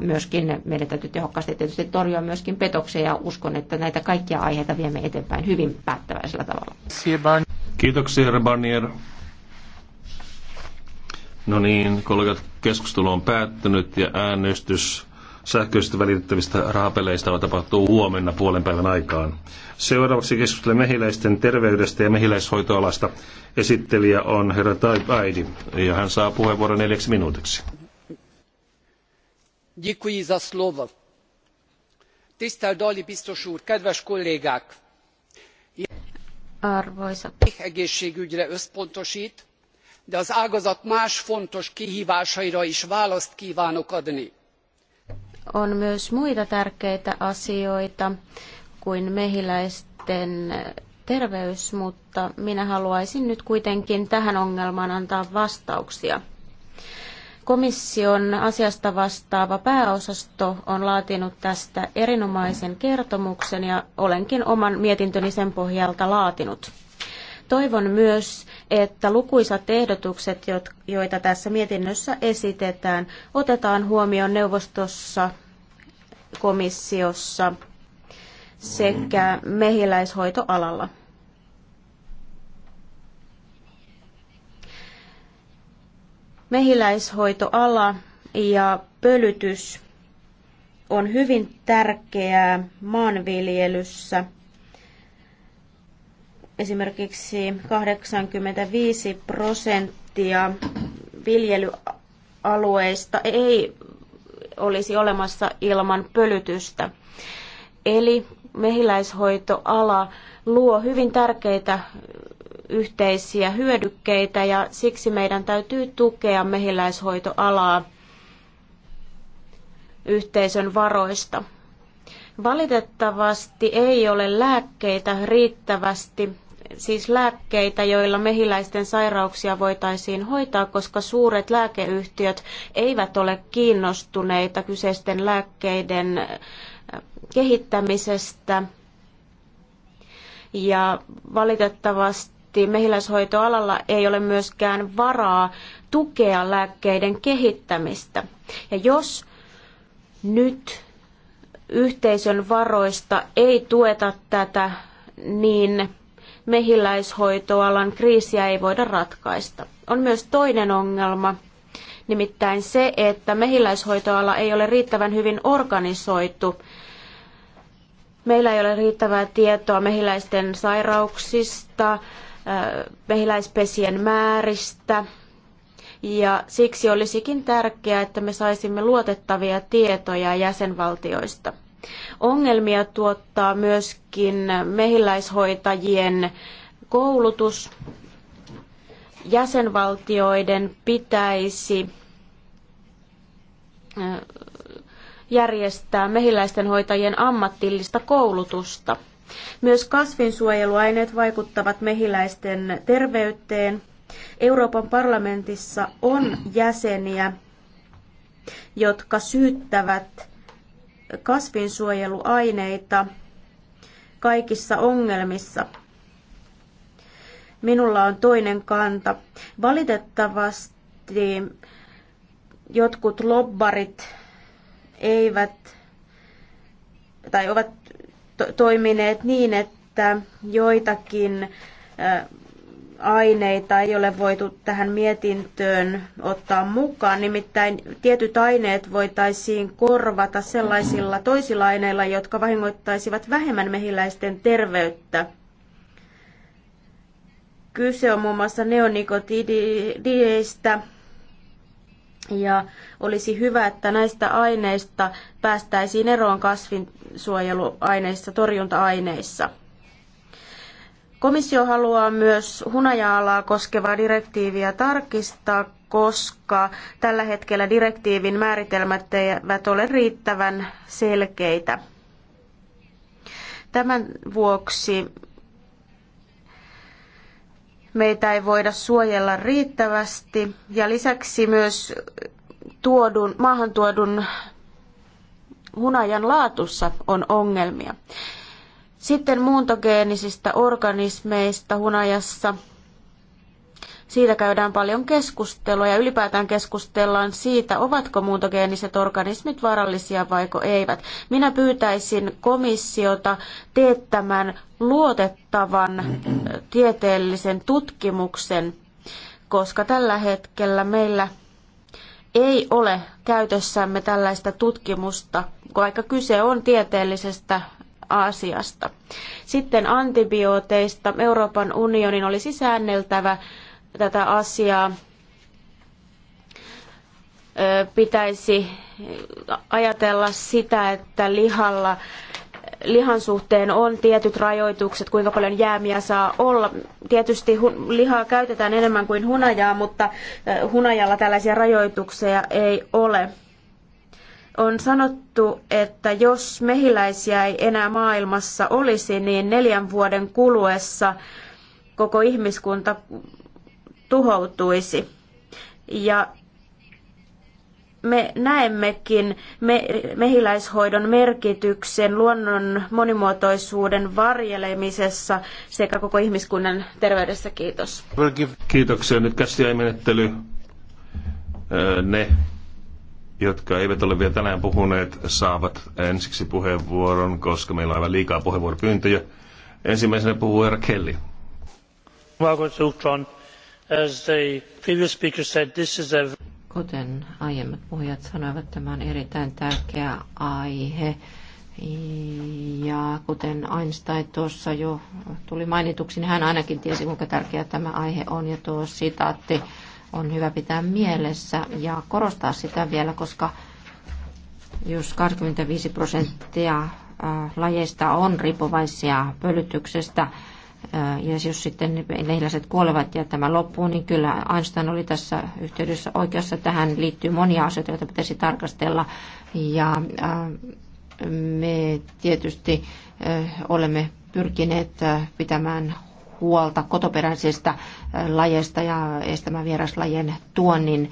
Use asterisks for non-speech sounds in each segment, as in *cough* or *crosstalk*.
myöskin meidän täytyy tehokkaasti tietysti torjua myöskin petoksia ja uskon, että näitä kaikkia aiheita viemme eteenpäin hyvin päättäväisellä tavalla. Kiitoksia, Rebanier. Barnier. No niin, kollegat, keskustelu on päättynyt ja äänestys sähköisesti välitettävistä rahapeleistä tapahtuu huomenna puolen päivän aikaan. Seuraavaksi keskustelen mehiläisten terveydestä ja mehiläishoitoalasta. Esittelijä on herra Taip Aidi ja hän saa puheenvuoron neljäksi minuutiksi tisztelt dalli biztos úr kedves kollégák! jelentés méhegészségügyre összpontost de az ágazat más fontos kihvásaira is választ kvánok adni. on myös muita tärkeitä asioita kuin mehiläisten terveys mutta minä haluaisin nyt kuitenkin tähän ongelmaan antaa vastauksia. Komission asiasta vastaava pääosasto on laatinut tästä erinomaisen kertomuksen ja olenkin oman mietintöni sen pohjalta laatinut. Toivon myös, että lukuisat ehdotukset, joita tässä mietinnössä esitetään, otetaan huomioon neuvostossa, komissiossa sekä mehiläishoitoalalla. Mehiläishoitoala ja pölytys on hyvin tärkeää maanviljelyssä. Esimerkiksi 85 prosenttia viljelyalueista ei olisi olemassa ilman pölytystä. Eli mehiläishoitoala luo hyvin tärkeitä yhteisiä hyödykkeitä ja siksi meidän täytyy tukea mehiläishoitoalaa yhteisön varoista. Valitettavasti ei ole lääkkeitä riittävästi, siis lääkkeitä, joilla mehiläisten sairauksia voitaisiin hoitaa, koska suuret lääkeyhtiöt eivät ole kiinnostuneita kyseisten lääkkeiden äh, kehittämisestä. Ja valitettavasti miettii, mehiläishoitoalalla ei ole myöskään varaa tukea lääkkeiden kehittämistä. Ja jos nyt yhteisön varoista ei tueta tätä, niin mehiläishoitoalan kriisiä ei voida ratkaista. On myös toinen ongelma, nimittäin se, että mehiläishoitoala ei ole riittävän hyvin organisoitu. Meillä ei ole riittävää tietoa mehiläisten sairauksista, mehiläispesien määristä. Ja siksi olisikin tärkeää, että me saisimme luotettavia tietoja jäsenvaltioista. Ongelmia tuottaa myöskin mehiläishoitajien koulutus. Jäsenvaltioiden pitäisi järjestää mehiläisten hoitajien ammatillista koulutusta. Myös kasvinsuojeluaineet vaikuttavat mehiläisten terveyteen. Euroopan parlamentissa on jäseniä, jotka syyttävät kasvinsuojeluaineita kaikissa ongelmissa. Minulla on toinen kanta. Valitettavasti jotkut lobbarit eivät tai ovat to- toimineet niin, että joitakin aineita ei ole voitu tähän mietintöön ottaa mukaan. Nimittäin tietyt aineet voitaisiin korvata sellaisilla toisilla aineilla, jotka vahingoittaisivat vähemmän mehiläisten terveyttä. Kyse on muun muassa neonikotideista, ja olisi hyvä, että näistä aineista päästäisiin eroon kasvinsuojeluaineissa, torjunta-aineissa. Komissio haluaa myös hunaja-alaa koskevaa direktiiviä tarkistaa, koska tällä hetkellä direktiivin määritelmät eivät ole riittävän selkeitä. Tämän vuoksi meitä ei voida suojella riittävästi ja lisäksi myös tuodun, tuodun hunajan laatussa on ongelmia. Sitten muuntogeenisistä organismeista hunajassa siitä käydään paljon keskustelua ja ylipäätään keskustellaan siitä, ovatko muuntogeeniset organismit vaarallisia vaiko eivät. Minä pyytäisin komissiota teettämään luotettavan tieteellisen tutkimuksen, koska tällä hetkellä meillä ei ole käytössämme tällaista tutkimusta, vaikka kyse on tieteellisestä asiasta. Sitten antibiooteista Euroopan unionin olisi säänneltävä tätä asiaa pitäisi ajatella sitä, että lihalla, lihan suhteen on tietyt rajoitukset, kuinka paljon jäämiä saa olla. Tietysti lihaa käytetään enemmän kuin hunajaa, mutta hunajalla tällaisia rajoituksia ei ole. On sanottu, että jos mehiläisiä ei enää maailmassa olisi, niin neljän vuoden kuluessa koko ihmiskunta tuhoutuisi. Ja me näemmekin me, mehiläishoidon merkityksen luonnon monimuotoisuuden varjelemisessa sekä koko ihmiskunnan terveydessä. Kiitos. Kiitoksia. Nyt käsiäimenettely. Ne, jotka eivät ole vielä tänään puhuneet, saavat ensiksi puheenvuoron, koska meillä on aivan liikaa puheenvuoropyyntöjä. Ensimmäisenä puhuu Herra Kelly. As the previous speaker said, this is a... Kuten aiemmat puhujat sanoivat, tämä on erittäin tärkeä aihe. Ja kuten Einstein tuossa jo tuli mainituksi, niin hän ainakin tiesi, kuinka tärkeä tämä aihe on. Ja tuo sitaatti on hyvä pitää mielessä ja korostaa sitä vielä, koska jos 25 prosenttia lajeista on riippuvaisia pölytyksestä, ja jos sitten mehiläiset kuolevat ja tämä loppuu, niin kyllä Einstein oli tässä yhteydessä oikeassa. Tähän liittyy monia asioita, joita pitäisi tarkastella. Ja me tietysti olemme pyrkineet pitämään huolta kotoperäisistä lajeista ja estämään vieraslajien tuonnin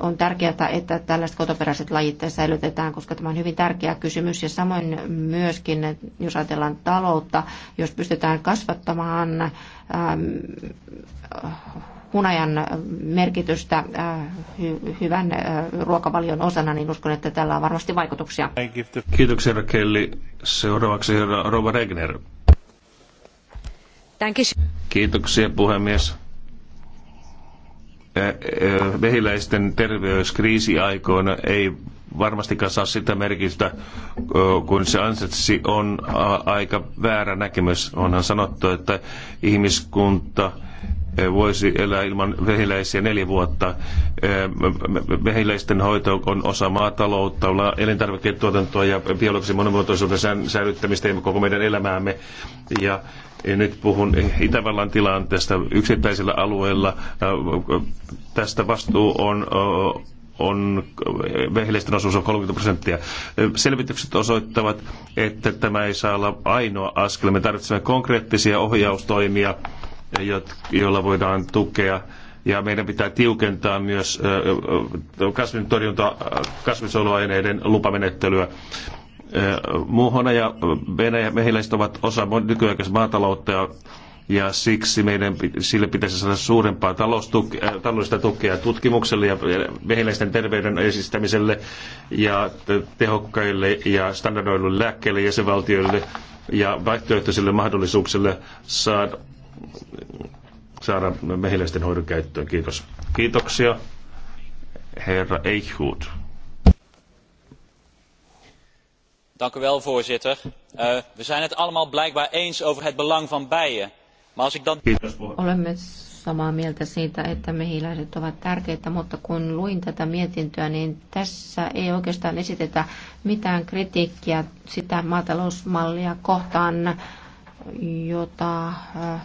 on tärkeää, että tällaiset kotoperäiset lajit säilytetään, koska tämä on hyvin tärkeä kysymys. Ja samoin myöskin, jos ajatellaan taloutta, jos pystytään kasvattamaan ähm, hunajan merkitystä äh, hyvän äh, ruokavalion osana, niin uskon, että tällä on varmasti vaikutuksia. Kiitoksia Kelly. Seuraavaksi herra Rova Regner. Kiitoksia puhemies mehiläisten terveyskriisi aikoina ei varmastikaan saa sitä merkitystä, kun se ansaitsi on aika väärä näkemys. Onhan sanottu, että ihmiskunta voisi elää ilman vehiläisiä neljä vuotta. Vehiläisten hoito on osa maataloutta, elintarviketuotantoa ja biologisen monimuotoisuuden säilyttämistä ja koko meidän elämäämme. Ja ja nyt puhun Itävallan tilanteesta yksittäisellä alueella. Tästä vastuu on on, vehleisten osuus on 30 prosenttia. Selvitykset osoittavat, että tämä ei saa olla ainoa askel. Me tarvitsemme konkreettisia ohjaustoimia, joilla voidaan tukea ja meidän pitää tiukentaa myös kasvintorjunta, kasvisoluaineiden lupamenettelyä. Muuhona ja Venäjä mehiläiset ovat osa nykyaikaista maataloutta ja ja siksi meidän, sille pitäisi saada suurempaa äh, taloudellista tukea tutkimukselle ja mehiläisten terveyden esistämiselle ja tehokkaille ja standardoiduille lääkkeille jäsenvaltioille ja vaihtoehtoisille mahdollisuuksille saada, saada mehiläisten hoidon käyttöön. Kiitos. Kiitoksia, herra Eichhut. voorzitter eh, we zijn het allemaal blijkbaar eens over het belang van bijen. olemme samaa mieltä siitä että mehiläiset ovat tärkeitä mutta kun luin tätä mietintöä niin tässä ei oikeastaan esitetä mitään kritiikkiä sitä maatalousmallia kohtaan jota eh,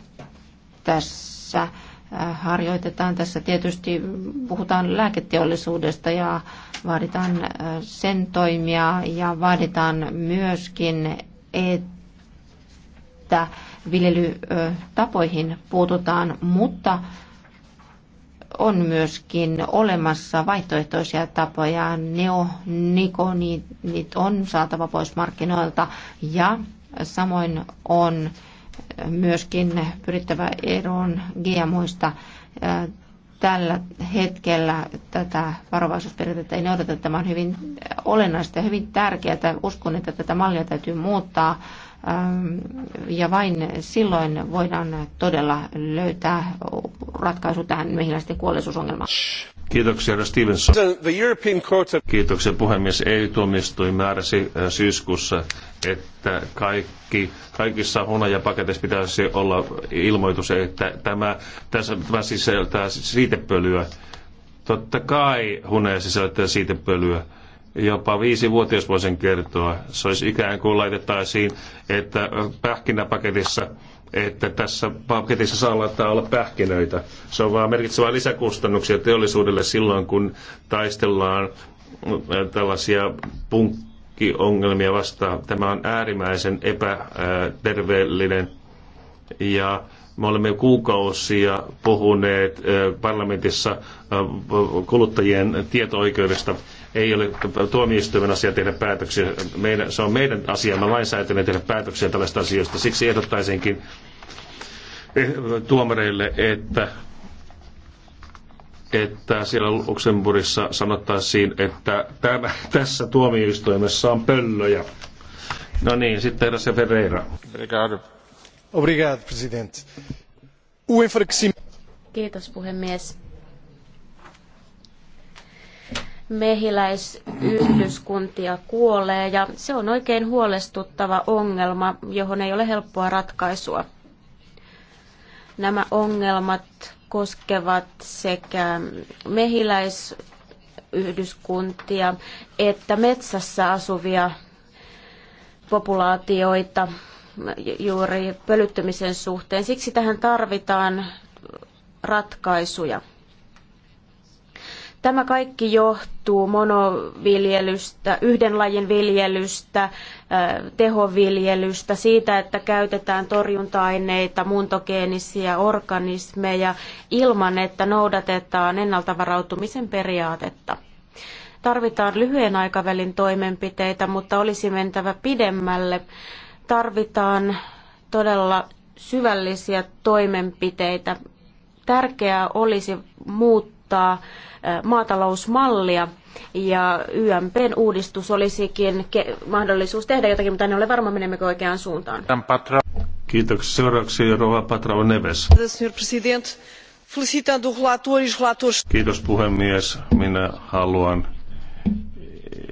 tässä Äh, harjoitetaan. Tässä tietysti puhutaan lääketeollisuudesta ja vaaditaan äh, sen toimia ja vaaditaan myöskin, että viljelytapoihin puututaan, mutta on myöskin olemassa vaihtoehtoisia tapoja. Neonikoniit on saatava pois markkinoilta ja samoin on äh, myöskin pyrittävä eroon GMOista. Tällä hetkellä tätä varovaisuusperiaatetta ei noudata. Tämä on hyvin olennaista ja hyvin tärkeää. Uskon, että tätä mallia täytyy muuttaa ja vain silloin voidaan todella löytää ratkaisu tähän mehiläisten kuolleisuusongelmaan. Kiitoksia, herra Stevenson. Kiitoksia, puhemies. EU-tuomioistuin määräsi syyskuussa, että kaikki, kaikissa hunajapaketeissa pitäisi olla ilmoitus, että tämä, tässä, tämä sisältää siitepölyä. Totta kai huneja sisältää siitepölyä. Jopa viisivuotias voi sen kertoa. Se olisi ikään kuin laitettaisiin, että pähkinäpaketissa – että tässä paketissa saattaa olla pähkinöitä. Se on vaan merkitsevää lisäkustannuksia teollisuudelle silloin, kun taistellaan äh, tällaisia punkkiongelmia vastaan. Tämä on äärimmäisen epäterveellinen ja me olemme kuukausia puhuneet äh, parlamentissa äh, kuluttajien tieto-oikeudesta ei ole tuomioistuimen asia tehdä päätöksiä. Meidän, se on meidän asiamme lainsäätäjänä tehdä päätöksiä tällaista asioista. Siksi ehdottaisinkin eh, tuomareille, että että siellä Luxemburgissa sanottaisiin, että tämä, *laughs* tässä tuomioistuimessa on pöllöjä. No niin, sitten herra Ferreira. Obrigado. Obrigado, Kiitos puhemies mehiläisyhdyskuntia kuolee ja se on oikein huolestuttava ongelma, johon ei ole helppoa ratkaisua. Nämä ongelmat koskevat sekä mehiläisyhdyskuntia että metsässä asuvia populaatioita juuri pölyttymisen suhteen. Siksi tähän tarvitaan ratkaisuja. Tämä kaikki johtuu monoviljelystä, yhden lajin viljelystä, tehoviljelystä, siitä, että käytetään torjunta-aineita, muuntogeenisiä organismeja ilman, että noudatetaan ennaltavarautumisen periaatetta. Tarvitaan lyhyen aikavälin toimenpiteitä, mutta olisi mentävä pidemmälle. Tarvitaan todella syvällisiä toimenpiteitä. Tärkeää olisi muuttaa muuttaa maatalousmallia ja YMPn uudistus olisikin mahdollisuus tehdä jotakin, mutta en ole varma, menemmekö oikeaan suuntaan. Kiitoksia. Seuraavaksi Rova Patrao Neves. E Kiitos puhemies. Minä haluan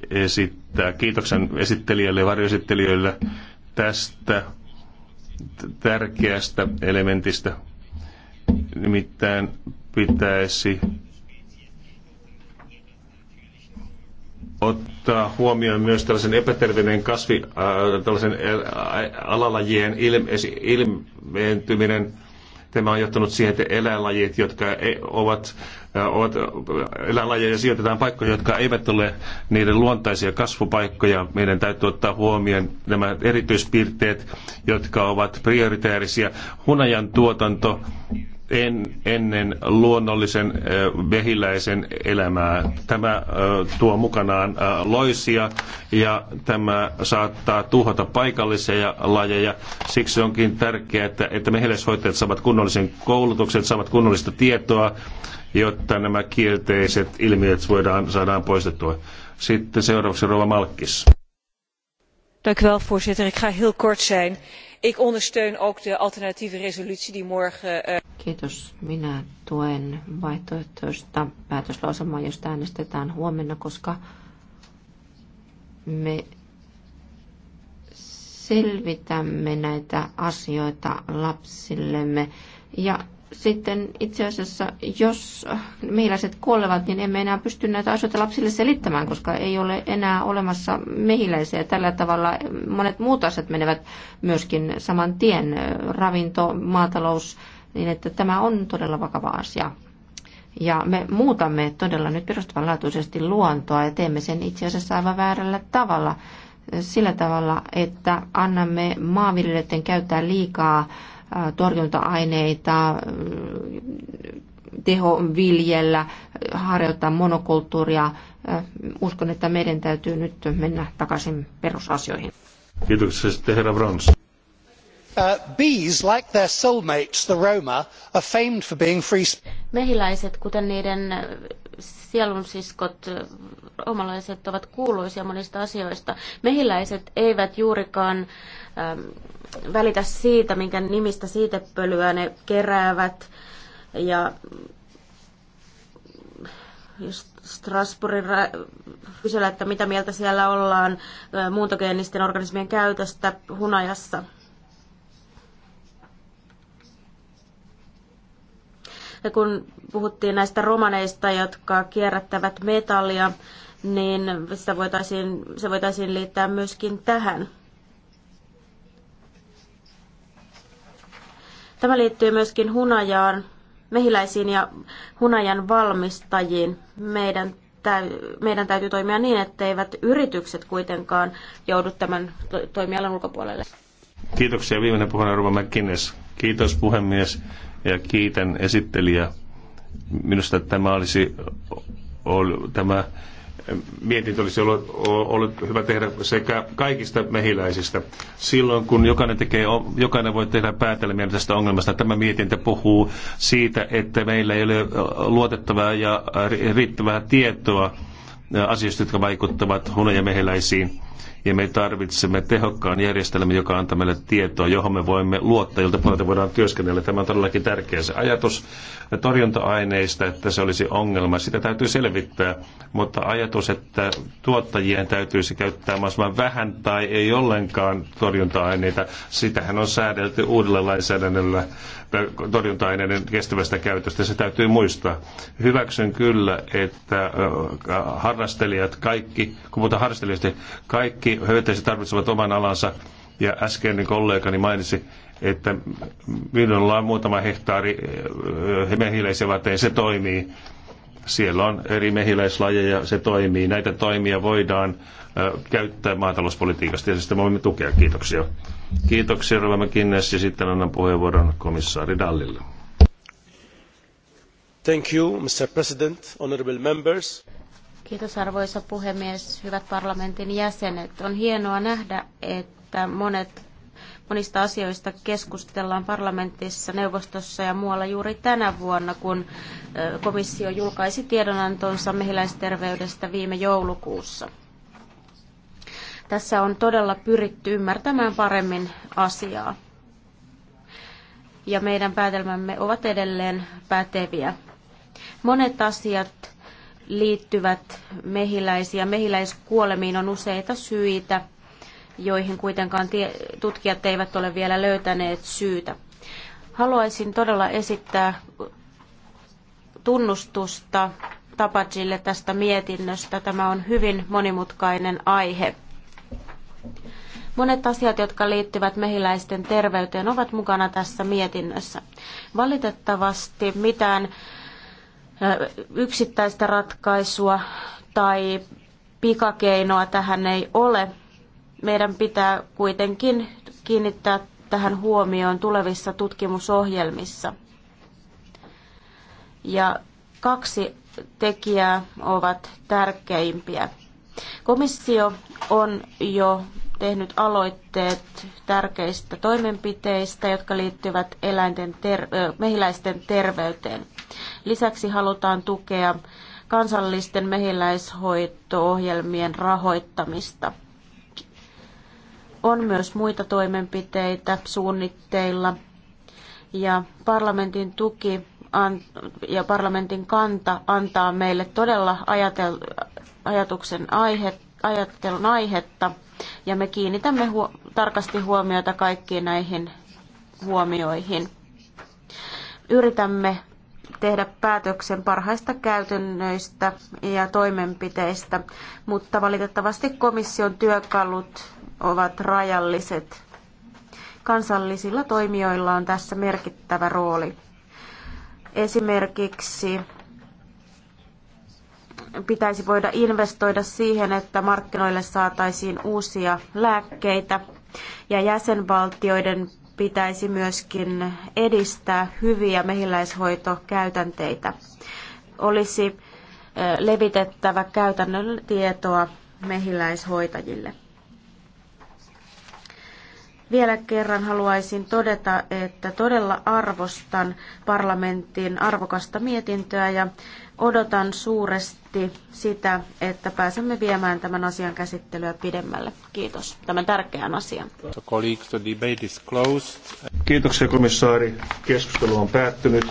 esittää kiitoksen esittelijälle ja varjoesittelijöille tästä tärkeästä elementistä. Nimittäin pitäisi ottaa huomioon myös tällaisen epäterveinen kasvi, äh, tällaisen äh, alalajien ilme, Tämä on johtanut siihen, että eläinlajit, jotka ei, ovat, äh, ovat äh, eläinlajeja sijoitetaan paikkoja, jotka eivät ole niiden luontaisia kasvupaikkoja. Meidän täytyy ottaa huomioon nämä erityispiirteet, jotka ovat prioriteerisia. Hunajan tuotanto en, ennen luonnollisen vehiläisen elämää. Tämä tuo mukanaan loisia ja tämä saattaa tuhota paikallisia lajeja. Siksi onkin tärkeää, että, että mehiläishoitajat saavat kunnollisen koulutuksen, saavat kunnollista tietoa, jotta nämä kielteiset ilmiöt voidaan, saadaan poistettua. Sitten seuraavaksi Rova Malkkis. Dank u wel, voorzitter. Ik ga heel kort zijn ik ondersteun ook de alternatieve resolutie die morgen... Eh, Kiitos. Minä tuen vaihtoehtoista päätöslauselmaa, josta äänestetään huomenna, koska me selvitämme näitä asioita lapsillemme ja sitten itse asiassa, jos mehiläiset kuolevat, niin emme enää pysty näitä asioita lapsille selittämään, koska ei ole enää olemassa mehiläisiä. Tällä tavalla monet muut asiat menevät myöskin saman tien, ravinto, maatalous, niin että tämä on todella vakava asia. Ja me muutamme todella nyt perustavanlaatuisesti luontoa ja teemme sen itse asiassa aivan väärällä tavalla. Sillä tavalla, että annamme maanviljelijöiden käyttää liikaa torjunta-aineita, teho viljellä harjoittaa monokulttuuria. Uskon, että meidän täytyy nyt mennä takaisin perusasioihin. Kiitoksia sitten herra Brons. Uh, bees, like their soulmates, the Roma, are famed for being free. Mehiläiset, kuten niiden sielunsiskot, omalaiset, ovat kuuluisia monista asioista. Mehiläiset eivät juurikaan ähm, välitä siitä, minkä nimistä siitepölyä ne keräävät. Ja Strasbourgin kysellä, että mitä mieltä siellä ollaan muuntogeenisten organismien käytöstä hunajassa. Ja kun puhuttiin näistä romaneista, jotka kierrättävät metallia, niin se voitaisiin, se voitaisiin liittää myöskin tähän. Tämä liittyy myöskin hunajaan, mehiläisiin ja hunajan valmistajiin. Meidän, täy, meidän täytyy toimia niin, etteivät yritykset kuitenkaan joudu tämän to, toimialan ulkopuolelle. Kiitoksia. Viimeinen puhuja Ruva McKinnes. Kiitos puhemies ja kiitän esittelijä. Minusta tämä olisi ollut tämä mietintö olisi ollut, ollut hyvä tehdä sekä kaikista mehiläisistä. Silloin kun jokainen, tekee, jokainen voi tehdä päätelmiä tästä ongelmasta, tämä mietintö puhuu siitä, että meillä ei ole luotettavaa ja riittävää tietoa asioista, jotka vaikuttavat hunajamehiläisiin ja me tarvitsemme tehokkaan järjestelmän, joka antaa meille tietoa, johon me voimme luottaa, jolta puolelta voidaan työskennellä. Tämä on todellakin tärkeä se ajatus torjunta-aineista, että se olisi ongelma. Sitä täytyy selvittää, mutta ajatus, että tuottajien täytyisi käyttää mahdollisimman vähän tai ei ollenkaan torjunta-aineita, sitähän on säädelty uudella lainsäädännöllä torjunta-aineiden kestävästä käytöstä. Se täytyy muistaa. Hyväksyn kyllä, että harrastelijat kaikki, kun puhutaan harrastelijoista, kaikki kaikki hyönteiset tarvitsevat oman alansa. Ja äskeinen kollegani mainitsi, että minulla on muutama hehtaari varten, eh, eh, se toimii. Siellä on eri mehiläislajeja, se toimii. Näitä toimia voidaan eh, käyttää maatalouspolitiikasta ja sitä voimme tukea. Kiitoksia. Kiitoksia Rova McInnes ja sitten annan puheenvuoron komissaari Dallille. Thank you, Mr. President, honorable members. Kiitos arvoisa puhemies, hyvät parlamentin jäsenet. On hienoa nähdä, että monet monista asioista keskustellaan parlamentissa, neuvostossa ja muualla juuri tänä vuonna, kun komissio julkaisi tiedonantonsa mehiläisterveydestä viime joulukuussa. Tässä on todella pyritty ymmärtämään paremmin asiaa. Ja meidän päätelmämme ovat edelleen päteviä. Monet asiat liittyvät mehiläisiä. Mehiläiskuolemiin on useita syitä, joihin kuitenkaan tutkijat eivät ole vielä löytäneet syytä. Haluaisin todella esittää tunnustusta Tapajille tästä mietinnöstä. Tämä on hyvin monimutkainen aihe. Monet asiat, jotka liittyvät mehiläisten terveyteen, ovat mukana tässä mietinnössä. Valitettavasti mitään yksittäistä ratkaisua tai pikakeinoa tähän ei ole. Meidän pitää kuitenkin kiinnittää tähän huomioon tulevissa tutkimusohjelmissa. Ja kaksi tekijää ovat tärkeimpiä. Komissio on jo tehnyt aloitteet tärkeistä toimenpiteistä, jotka liittyvät eläinten ter- mehiläisten terveyteen. Lisäksi halutaan tukea kansallisten mehiläishoitoohjelmien rahoittamista. On myös muita toimenpiteitä suunnitteilla ja parlamentin tuki ja parlamentin kanta antaa meille todella ajatel- ajatuksen aihe, ajattelun aihetta ja me kiinnitämme huo- tarkasti huomiota kaikkiin näihin huomioihin. Yritämme tehdä päätöksen parhaista käytännöistä ja toimenpiteistä, mutta valitettavasti komission työkalut ovat rajalliset. Kansallisilla toimijoilla on tässä merkittävä rooli. Esimerkiksi pitäisi voida investoida siihen, että markkinoille saataisiin uusia lääkkeitä ja jäsenvaltioiden pitäisi myöskin edistää hyviä mehiläishoitokäytänteitä. Olisi levitettävä käytännön tietoa mehiläishoitajille. Vielä kerran haluaisin todeta, että todella arvostan parlamentin arvokasta mietintöä ja odotan suuresti sitä, että pääsemme viemään tämän asian käsittelyä pidemmälle. Kiitos tämän tärkeän asian. Kiitoksia komissaari. Keskustelu on päättynyt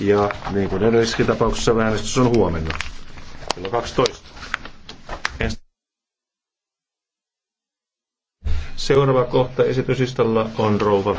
ja niin kuin edellisessäkin tapauksessa äänestys on huomenna kello 12. Seuraava kohta esityslistalla on rouva